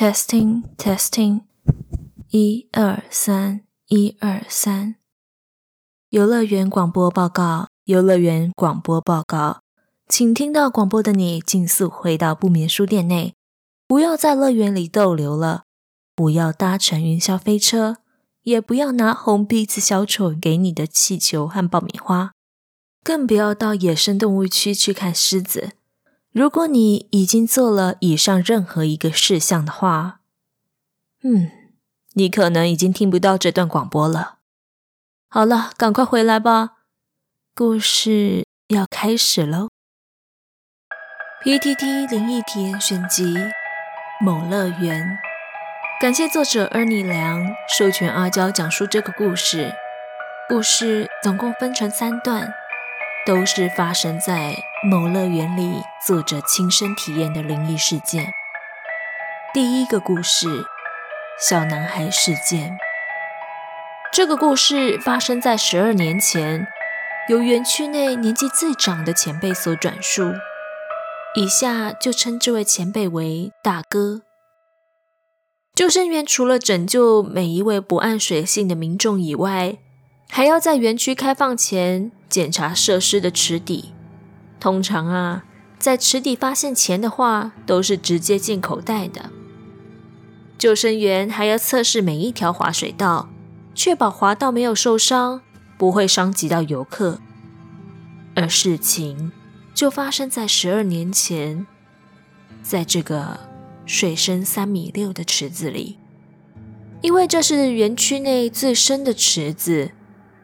Testing, testing. 一、二、三，一、二、三。遊樂園廣播報告，遊樂園廣播報告，請聽到廣播的你，盡速回到不眠書店內，不要在樂園裡逗留了，不要搭乘雲霄飛車，也不要拿紅鼻子小丑給你的氣球和爆米花，更不要到野生動物區去看獅子。如果你已經做了以上任何一個事項的話，嗯，你可能已經聽不到這段廣播了。好了，趕快回來吧，故事要開始嘍。PTT 靈異體驗選集《某樂園》，感謝作者 Ernie 梁授權阿嬌講述這個故事。故事總共分成三段。都是發生在某樂園裡，作者親身體驗的靈異事件。第一個故事：小男孩事件。這個故事發生在十二年前，由園區內年紀最長的前輩所轉述，以下就稱這位前輩為大哥。救生員除了拯救每一位不諳水性的民眾以外，還要在園區開放前檢查設施的池底。通常啊，在池底發現錢的話，都是直接進口袋的。救生員還要測試每一條滑水道，確保滑道沒有受傷，不會傷及到遊客。而事情就發生在十二年前，在這個水深三米六的池子裡，因為這是園區內最深的池子。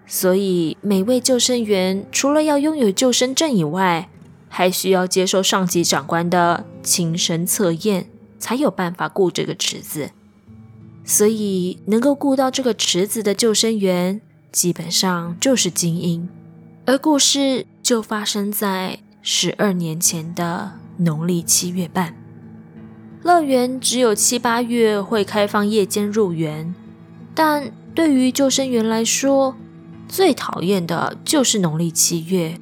所以，每位救生員除了要擁有救生證以外，還需要接受上級長官的親身測驗，才有辦法顧這個池子。所以，能夠顧到這個池子的救生員，基本上就是精英。而故事就發生在十二年前的農曆七月半。樂園只有七八月會開放夜間入園，但對於救生員來說，最討厭的就是農曆七月，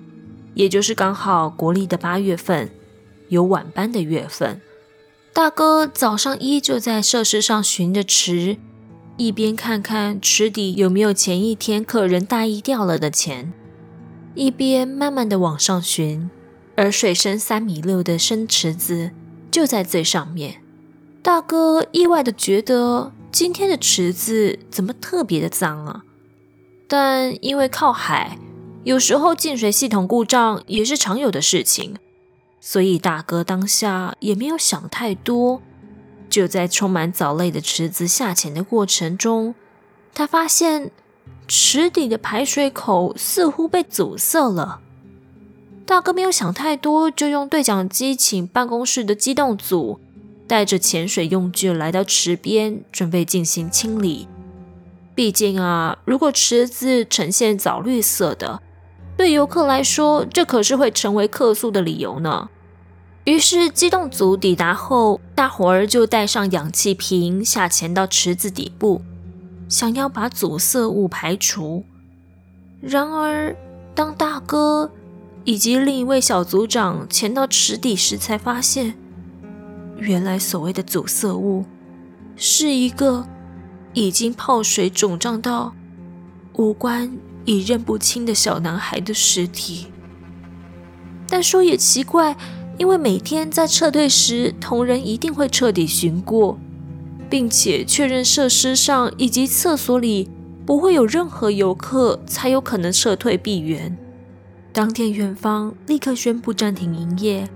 也就是剛好國曆的八月份，有晚班的月份。大哥早上依舊在設施上巡着池，一邊看看池底有沒有前一天客人大意掉了的錢，一邊慢慢的往上巡。而水深三米六的深池子就在最上面。大哥意外的覺得今天的池子怎麼特別的髒啊？但因為靠海，有時候進水系統故障也是常有的事情，所以大哥當下也沒有想太多。就在充滿藻類的池子下潛的過程中，他發現池底的排水口似乎被阻塞了。大哥沒有想太多，就用對講機請辦公室的機動組帶着潛水用具來到池邊，準備進行清理。畢竟啊，如果池子呈現藻綠色的，對遊客來說，這可是會成為客訴的理由呢。於是機動組抵達後，大夥兒就帶上氧氣瓶下潛到池子底部，想要把阻塞物排除。然而，當大哥以及另一位小組長潛到池底時，才發現，原來所謂的阻塞物，是一個。已經泡水腫脹到五官已認不清的小男孩的屍體。但說也奇怪，因為每天在撤退時，同仁一定會徹底巡過，並且確認設施上以及廁所裡不會有任何遊客，才有可能撤退閉園。當天，園方立刻宣布暫停營業，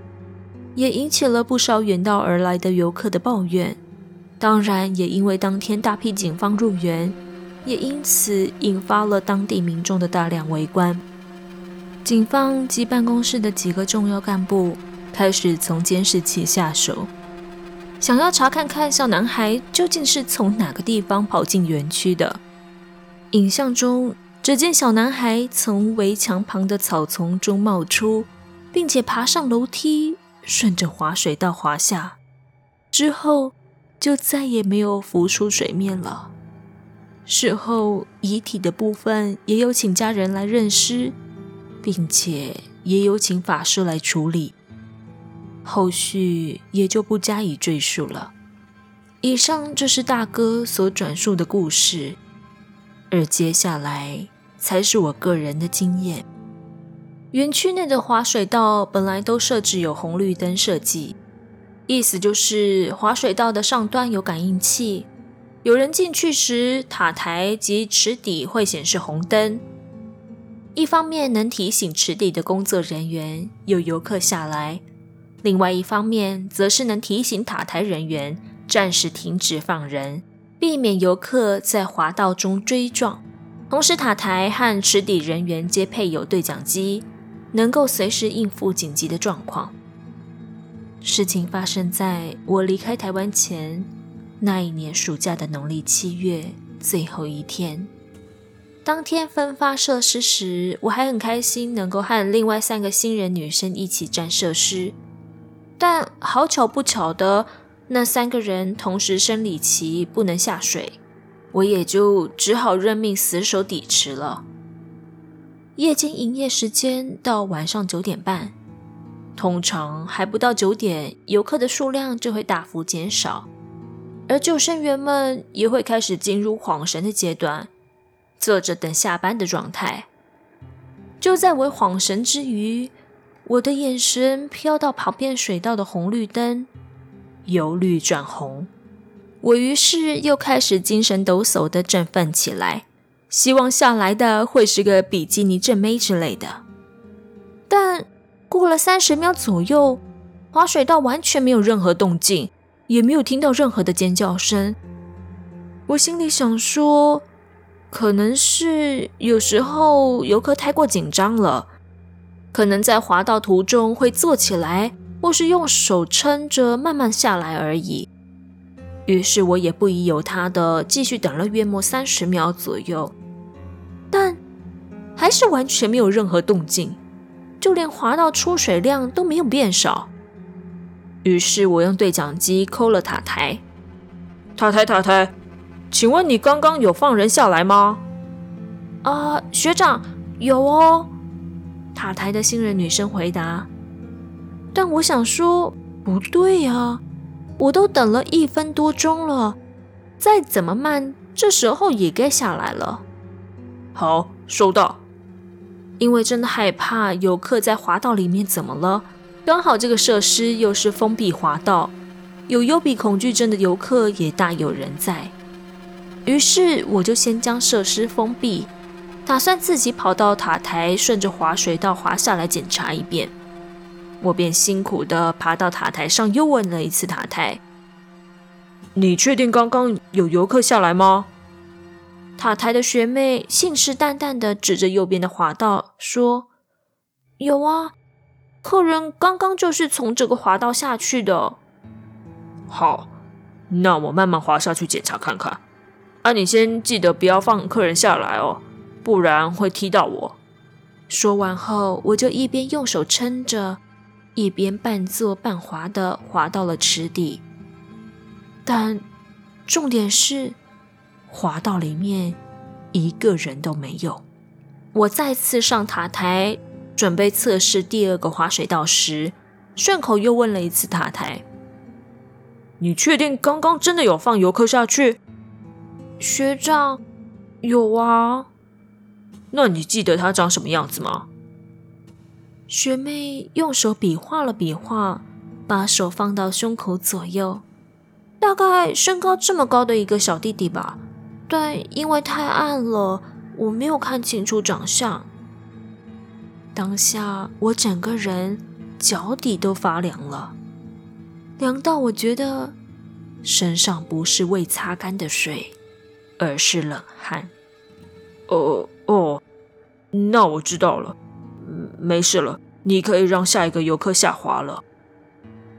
也引起了不少遠道而來的遊客的抱怨。當然，也因為當天大批警方入園，也因此引發了當地民眾的大量圍觀。警方及辦公室的幾個重要幹部開始從監視器下手，想要查看看小男孩究竟是從哪個地方跑進園區的。影像中，只見小男孩從圍牆旁的草叢中冒出，並且爬上樓梯，順着滑水道滑下之後。就再也沒有浮出水面了。事後，遺體的部分也有請家人來認屍，並且也有請法師來處理。後續也就不加以贅述了。以上這是大哥所轉述的故事，而接下來才是我個人的經驗。園區內的滑水道本來都設置有紅綠燈設計。意思就是，滑水道的上端有感應器，有人進去時，塔台及池底會顯示紅燈。一方面能提醒池底的工作人員有遊客下來，另外一方面則是能提醒塔台人員暫時停止放人，避免遊客在滑道中追撞。同時，塔台和池底人員皆配有對講機，能夠隨時應付緊急的狀況。事情發生在我離開台灣前那一年暑假的農曆七月最後一天。當天分發設施時，我還很開心能夠和另外三個新人女生一起站設施。但好巧不巧的，那三個人同時生理期不能下水，我也就只好認命死守底池了。夜間營業時間到晚上九點半。通常還不到九點，遊客的數量就會大幅減少，而救生員們也會開始進入晃神的階段，坐着等下班的狀態。就在我晃神之餘，我的眼神飄到旁邊水道的紅綠燈，由綠轉紅，我於是又開始精神抖擻地振奮起來，希望下來的會是個比基尼正妹之類的，但。過了三十秒左右，滑水道完全沒有任何動靜，也沒有聽到任何的尖叫聲。我心裡想說，可能是有時候遊客太過緊張了，可能在滑道途中會坐起來，或是用手撐着慢慢下來而已。於是我也不疑有他的，繼續等了約莫三十秒左右，但還是完全沒有任何動靜。就連滑道出水量都沒有變少，於是我用對講機叩了塔台：“塔台塔台，請問你剛剛有放人下來嗎？”“啊，學長有哦。”塔台的新人女生回答。但我想說，不對呀、啊，我都等了一分多鐘了，再怎麼慢，這時候也該下來了。好，收到。因為真的害怕遊客在滑道裡面怎麼了，剛好這個設施又是封閉滑道，有幽閉恐懼症的遊客也大有人在。於是我就先將設施封閉，打算自己跑到塔台，順着滑水道滑下來檢查一遍。我便辛苦地爬到塔台上，又問了一次塔台：“你確定剛剛有遊客下來嗎？”塔台的學妹信誓旦旦的指着右邊的滑道說：“有啊，客人剛剛就是從這個滑道下去的。”好，那我慢慢滑下去檢查看看。啊，你先記得不要放客人下來哦，不然會踢到我。說完後，我就一邊用手撐着，一邊半坐半滑的滑到了池底。但重點是，滑道裡面一個人都沒有。我再次上塔台準備測試第二個滑水道時，順口又問了一次塔台：“你確定剛剛真的有放遊客下去？”學長：“有啊。”那你記得他長什麼樣子嗎？學妹用手比劃了比劃，把手放到胸口左右，大概身高這麼高的一個小弟弟吧。對，因為太暗了，我沒有看清楚長相。當下我整個人腳底都發涼了，涼到我覺得身上不是未擦乾的水，而是冷汗。哦哦，那我知道了，沒事了，你可以讓下一個游客下滑了。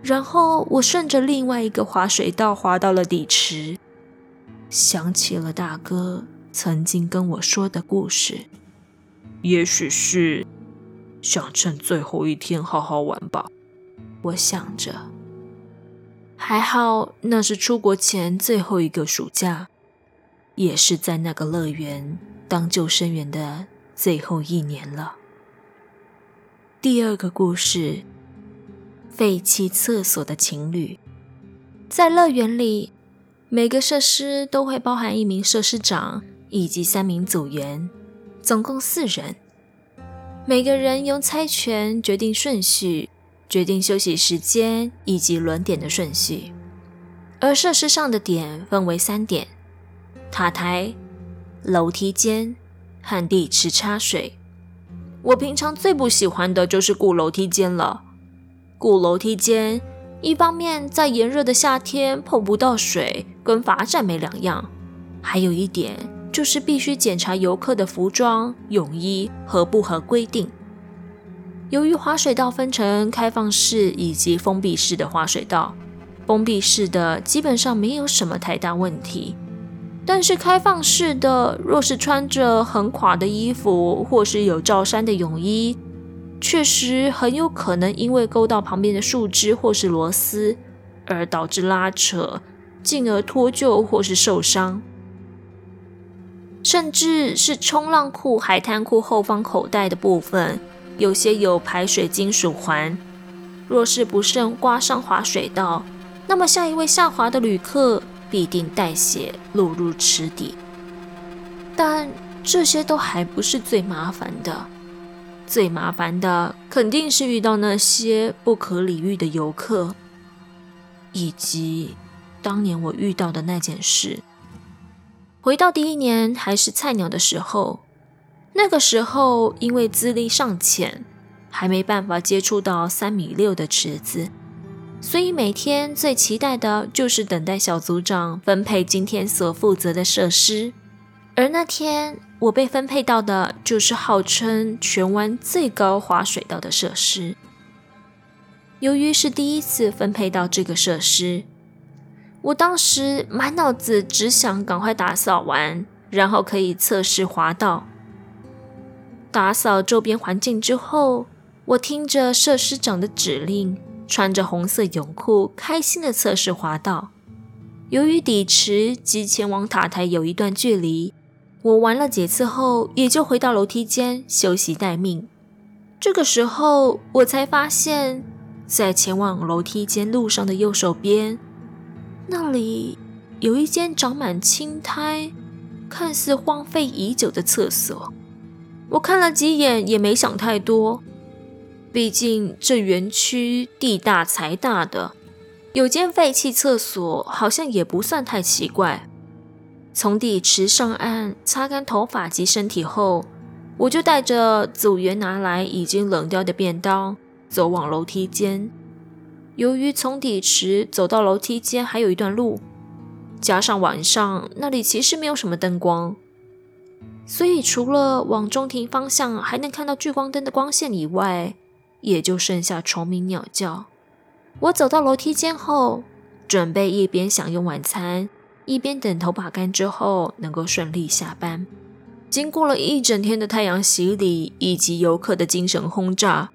然後我順着另外一個滑水道滑到了底池。想起了大哥曾經跟我說的故事，也許是想趁最後一天好好玩吧。我想着，還好那是出國前最後一個暑假，也是在那個樂園當救生員的最後一年了。第二個故事，廢棄廁所的情侶，在樂園裡。每個設施都會包含一名設施長，以及三名組員，總共四人。每個人由猜拳決定順序，決定休息時間以及輪點的順序。而設施上的點分為三點：塔台、樓梯間、旱地池叉水。我平常最不喜歡的就是顧樓梯間了，顧樓梯間。一方面，在炎熱的夏天碰不到水，跟罰站沒兩樣；還有一點就是必須檢查遊客的服裝、泳衣合不合規定。由於滑水道分成開放式以及封閉式的滑水道，封閉式的基本上沒有什麼太大問題，但是開放式的若是穿着很垮的衣服或是有罩衫的泳衣。確實很有可能因為勾到旁邊的樹枝或是螺絲，而導致拉扯，進而脫臼或是受傷。甚至是衝浪褲、海灘褲後方口袋的部分，有些有排水金屬環，若是不慎刮傷滑水道，那麼下一位下滑的旅客必定帶血落入池底。但這些都還不是最麻煩的。最麻煩的肯定是遇到那些不可理喻的遊客，以及當年我遇到的那件事。回到第一年還是菜鳥的時候，那個時候因為資歷尚淺，還沒辦法接觸到三米六的池子，所以每天最期待的就是等待小組長分配今天所負責的設施。而那天我被分配到的，就是號稱全灣最高滑水道的設施。由於是第一次分配到這個設施，我當時滿腦子只想趕快打掃完，然後可以測試滑道。打掃周邊環境之後，我聽着設施長的指令，穿着紅色泳褲，開心的測試滑道。由於底池及前往塔台有一段距離，我玩了幾次後，也就回到樓梯間休息待命。這個時候，我才發現，在前往樓梯間路上的右手邊，那裡有一間長滿青苔、看似荒廢已久的廁所。我看了幾眼，也沒想太多，畢竟這園區地大財大的，有間廢棄廁所，好像也不算太奇怪。從底池上岸，擦乾頭髮及身體後，我就帶着組員拿來已經冷掉的便當，走往樓梯間。由於從底池走到樓梯間還有一段路，加上晚上那裡其實沒有什麼燈光，所以除了往中庭方向還能看到聚光燈的光線以外，也就剩下蟲鳴鳥叫。我走到樓梯間後，準備一邊享用晚餐。一邊等頭髮乾之後能夠順利下班。經過了一整天的太陽洗禮以及遊客的精神轟炸，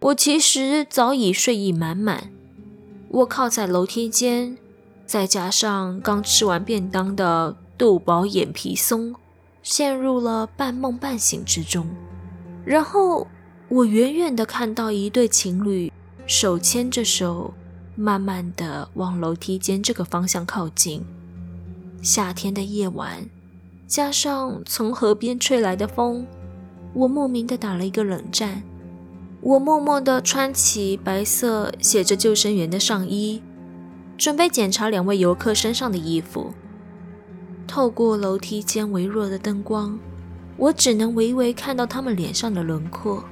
我其實早已睡意滿滿。我靠在樓梯間，再加上剛吃完便當的肚飽眼皮鬆，陷入了半夢半醒之中。然後我遠遠的看到一對情侶手牽着手，慢慢地往樓梯間這個方向靠近。夏天的夜晚，加上從河邊吹來的風，我莫名的打了一個冷戰。我默默的穿起白色寫着“救生員”的上衣，準備檢查兩位遊客身上的衣服。透過樓梯間微弱的燈光，我只能微微看到他們臉上的輪廓。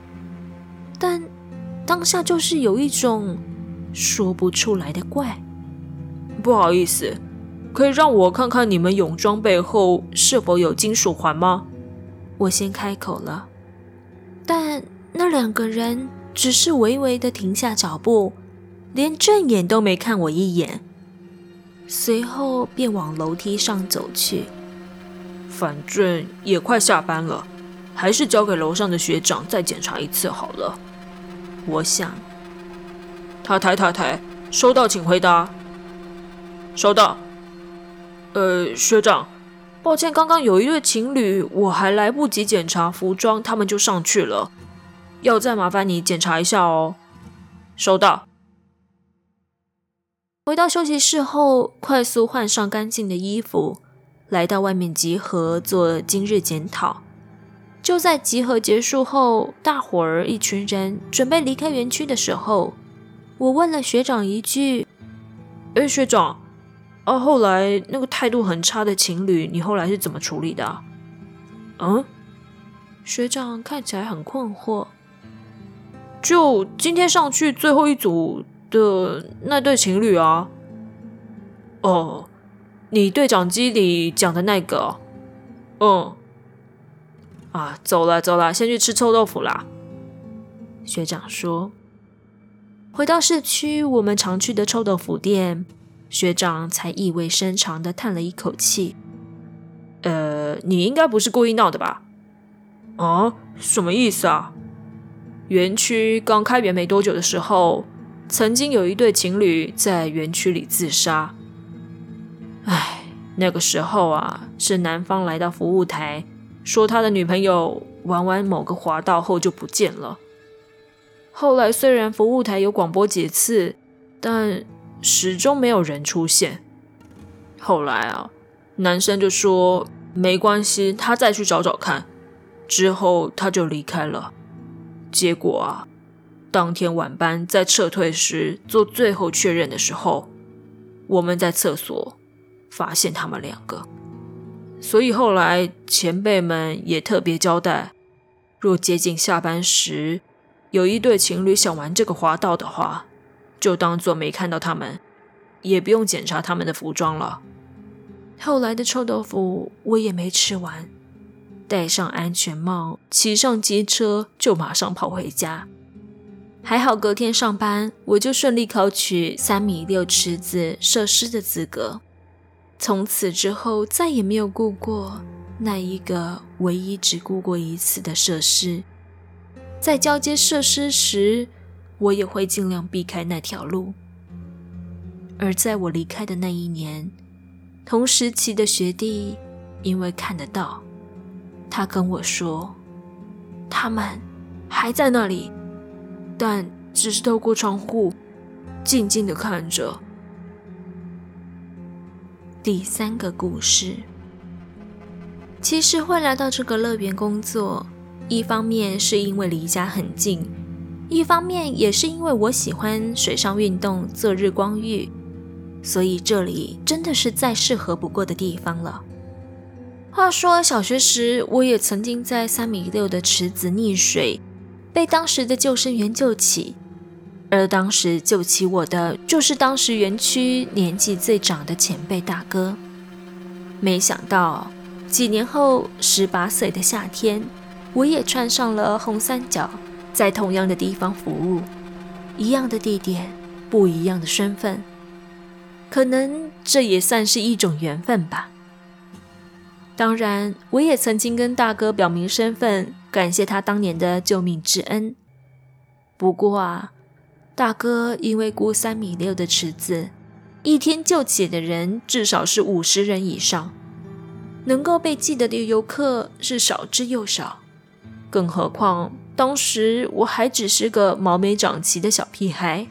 但當下就是有一種說不出來的怪。不好意思。可以讓我看看你們泳裝背後是否有金屬環嗎？我先開口了，但那兩個人只是微微的停下腳步，連正眼都沒看我一眼，隨後便往樓梯上走去。反正也快下班了，還是交給樓上的學長再檢查一次好了。我想。塔台塔台，收到請回答。收到。呃，學長，抱歉，剛剛有一對情侶，我還來不及檢查服裝，他們就上去了。要再麻煩你檢查一下哦。收到。回到休息室後，快速換上乾淨的衣服，來到外面集合做今日檢討。就在集合結束後，大夥兒一群人準備離開園區的時候，我問了學長一句：“哎，學長。”哦、啊，後來那個態度很差的情侶，你後來是怎麼處理的、啊？嗯，學長看起來很困惑。就今天上去最後一組的那對情侶啊。哦，你對講機裡講的那個。嗯。啊，走了走了，先去吃臭豆腐啦。學長說。回到市區，我們常去的臭豆腐店。學長才意味深長地嘆了一口氣：“呃，你應該不是故意鬧的吧？啊，什麼意思啊？園區剛開園沒多久的時候，曾經有一對情侶在園區裡自殺。唉，那個時候啊，是男方來到服務台，說他的女朋友玩完某個滑道後就不見了。後來雖然服務台有廣播幾次，但……”始終沒有人出現。後來啊，男生就說沒關係，他再去找找看。之後他就離開了。結果啊，當天晚班在撤退時做最後確認的時候，我們在廁所發現他們兩個。所以後來前輩們也特別交代，若接近下班時，有一對情侶想玩這個滑道的話，就當做沒看到他們，也不用檢查他們的服裝了。後來的臭豆腐我也沒吃完，戴上安全帽，騎上機車，就馬上跑回家。還好隔天上班，我就順利考取三米六池子設施的資格。從此之後，再也沒有顧過那一個唯一只顧過一次的設施。在交接設施時，我也會儘量避開那條路。而在我離開的那一年，同時期的學弟因為看得到，他跟我說，他們還在那裡，但只是透過窗戶，靜靜地看着。第三個故事。其實會來到這個樂園工作，一方面是因為離家很近。一方面也是因為我喜歡水上運動、做日光浴，所以這裡真的是再適合不過的地方了。話說小學時，我也曾經在三米六的池子溺水，被當時的救生員救起，而當時救起我的就是當時園區年紀最長的前輩大哥。沒想到幾年後，十八歲的夏天，我也穿上了紅三角。在同樣的地方服務，一樣的地點，不一樣的身份，可能這也算是一種緣分吧。當然，我也曾經跟大哥表明身份，感謝他當年的救命之恩。不過啊，大哥因為顧三米六的池子，一天救起的人至少是五十人以上，能夠被記得的游客是少之又少，更何況。當時我還只是個毛沒長齊的小屁孩，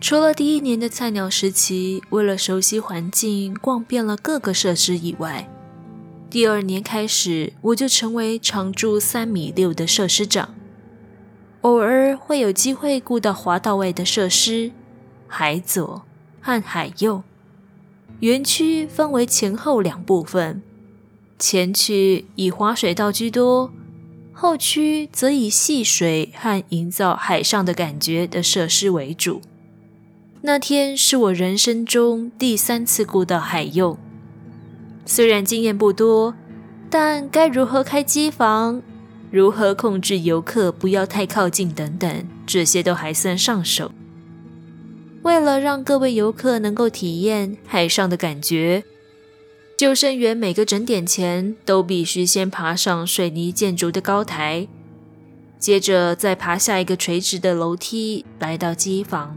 除了第一年的菜鳥時期，為了熟悉環境，逛遍了各個設施以外，第二年開始，我就成為常住三米六的設施長，偶爾會有機會顧到滑道外的設施，海左和海右。園區分為前後兩部分，前區以滑水道居多。後區則以戲水和營造海上的感覺的設施為主。那天是我人生中第三次顧到海用，雖然經驗不多，但該如何開機房，如何控制遊客不要太靠近等等，這些都還算上手。為了讓各位遊客能夠體驗海上的感覺。救生員每個整點前都必須先爬上水泥建築的高台，接着再爬下一個垂直的樓梯，來到機房。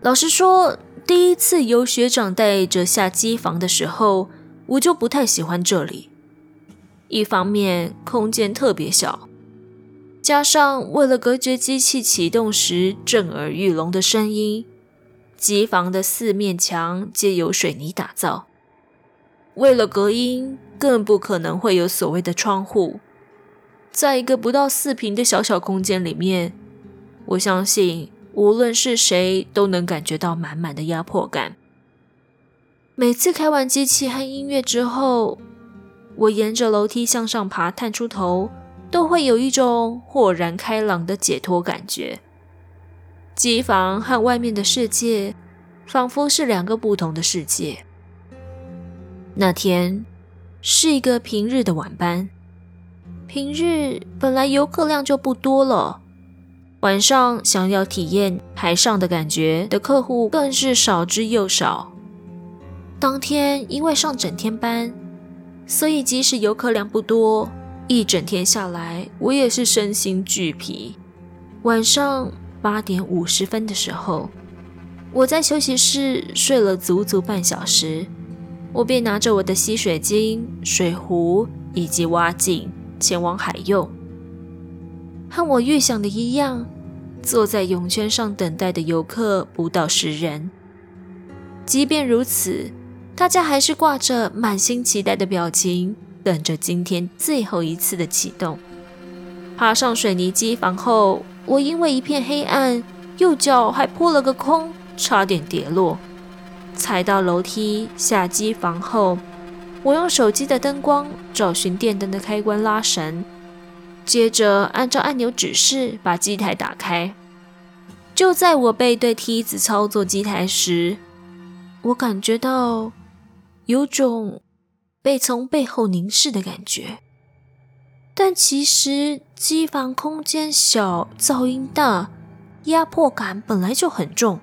老實說，第一次由學長帶着下機房的時候，我就不太喜歡這裡。一方面空間特別小，加上為了隔絕機器啟動時震耳欲聾的聲音，機房的四面牆皆由水泥打造。為了隔音，更不可能會有所謂的窗戶。在一個不到四平的小小空間裡面，我相信無論是誰都能感覺到滿滿的壓迫感。每次開完機器和音樂之後，我沿着樓梯向上爬，探出頭，都會有一種豁然開朗的解脫感覺。機房和外面的世界仿佛是兩個不同的世界。那天是一個平日的晚班，平日本來遊客量就不多了，晚上想要體驗海上的感覺的客戶更是少之又少。當天因為上整天班，所以即使遊客量不多，一整天下來我也是身心俱疲。晚上八點五十分的時候，我在休息室睡了足足半小時。我便拿着我的吸水巾、水壺以及蛙鏡前往海泳。和我預想的一樣，坐在泳圈上等待的遊客不到十人。即便如此，大家還是掛着滿心期待的表情，等着今天最後一次的啟動。爬上水泥機房後，我因為一片黑暗，右腳還撲了個空，差點跌落。踩到樓梯下機房後，我用手機的燈光找尋電燈的開關拉繩，接着按照按鈕指示把機台打開。就在我背對梯子操作機台時，我感覺到有種被從背後凝視的感覺，但其實機房空間小，噪音大，壓迫感本來就很重。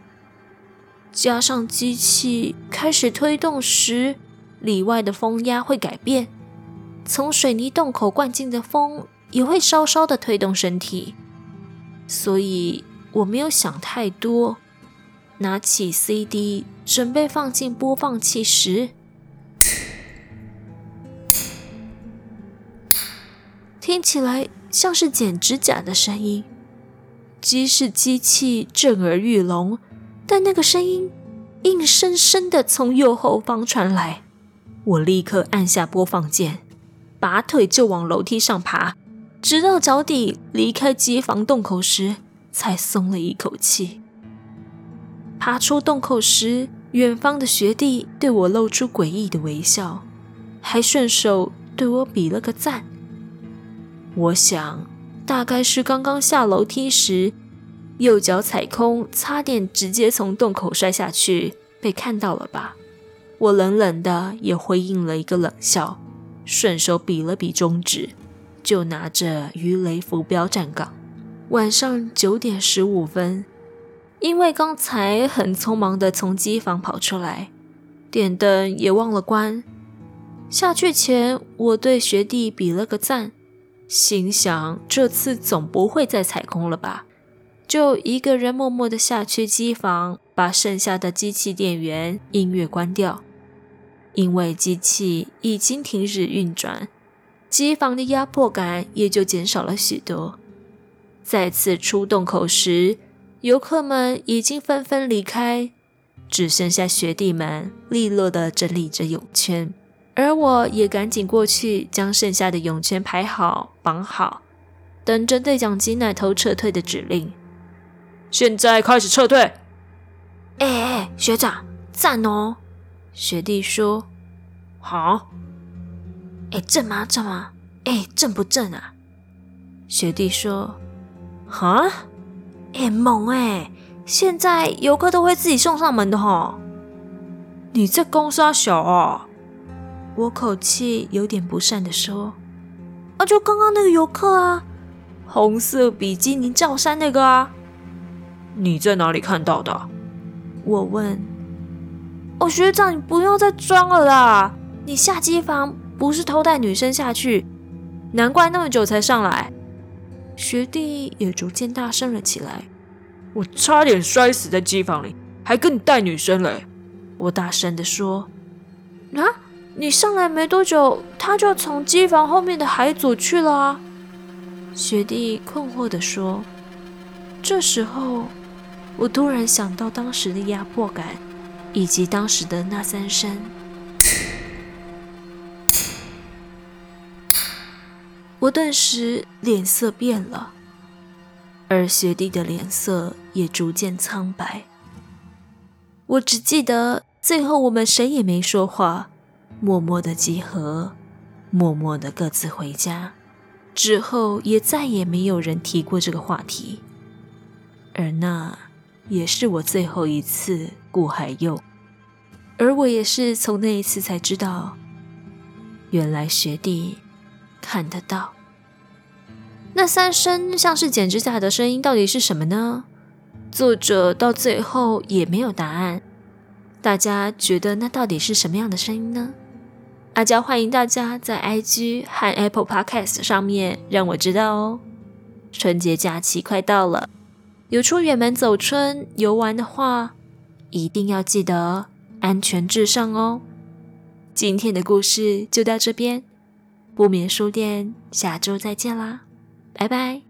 加上機器開始推動時，裡外的風壓會改變，從水泥洞口灌進的風也會稍稍的推動身體，所以我沒有想太多。拿起 CD 準備放進播放器時， 聽起來像是剪指甲的聲音，即使機器震耳欲聾。但那個聲音硬生生的從右後方傳來，我立刻按下播放鍵，拔腿就往樓梯上爬，直到腳底離開機房洞口時，才鬆了一口氣。爬出洞口時，遠方的學弟對我露出詭異的微笑，還順手對我比了個讚。我想，大概是剛剛下樓梯時。右腳踩空，差點直接從洞口摔下去，被看到了吧？我冷冷的也回應了一個冷笑，順手比了比中指，就拿着魚雷浮標站崗。晚上九點十五分，因為剛才很匆忙的從機房跑出來，電燈也忘了關。下去前，我對學弟比了個讚，心想這次總不會再踩空了吧。就一個人默默地下去機房，把剩下的機器電源、音樂關掉。因為機器已經停止運轉，機房的壓迫感也就減少了許多。再次出洞口時，遊客們已經紛紛離開，只剩下學弟們利落地整理着泳圈，而我也趕緊過去，將剩下的泳圈排好、綁好，等着對講機那頭撤退的指令。現在開始撤退！哎、欸、哎、欸，學長，贊哦！學弟說：“好。欸”哎，正嗎？正嗎？哎、欸，正不正啊？學弟說：“哈。欸”哎，猛哎、欸！現在遊客都會自己送上門的哈、哦！你這公殺小啊！我口氣有點不善的說：“啊，就剛剛那個遊客啊，紅色比基尼罩衫那個啊。”你在哪裡看到的？我問。哦，學長，你不要再裝了啦！你下機房不是偷帶女生下去，難怪那麼久才上來。學弟也逐漸大聲了起來。我差點摔死在機房裡，還跟你帶女生嘞！我大聲地說。啊，你上來沒多久，他就要從機房後面的海左去了啊！學弟困惑地說。這時候。我突然想到當時的壓迫感，以及當時的那三聲，我頓時臉色變了，而學弟的臉色也逐漸蒼白。我只記得最後我們誰也沒說話，默默地集合，默默地各自回家，之後也再也沒有人提過這個話題，而那。也是我最後一次顧海佑，而我也是從那一次才知道，原來學弟看得到。那三聲像是剪指甲的聲音，到底是什麼呢？作者到最後也沒有答案。大家覺得那到底是什麼樣的聲音呢？阿嬌歡迎大家在 IG 和 Apple Podcast 上面讓我知道哦。春節假期快到了。有出遠門走春遊玩的話，一定要記得安全至上哦。今天的故事就到這邊，不眠書店下周再見啦，拜拜。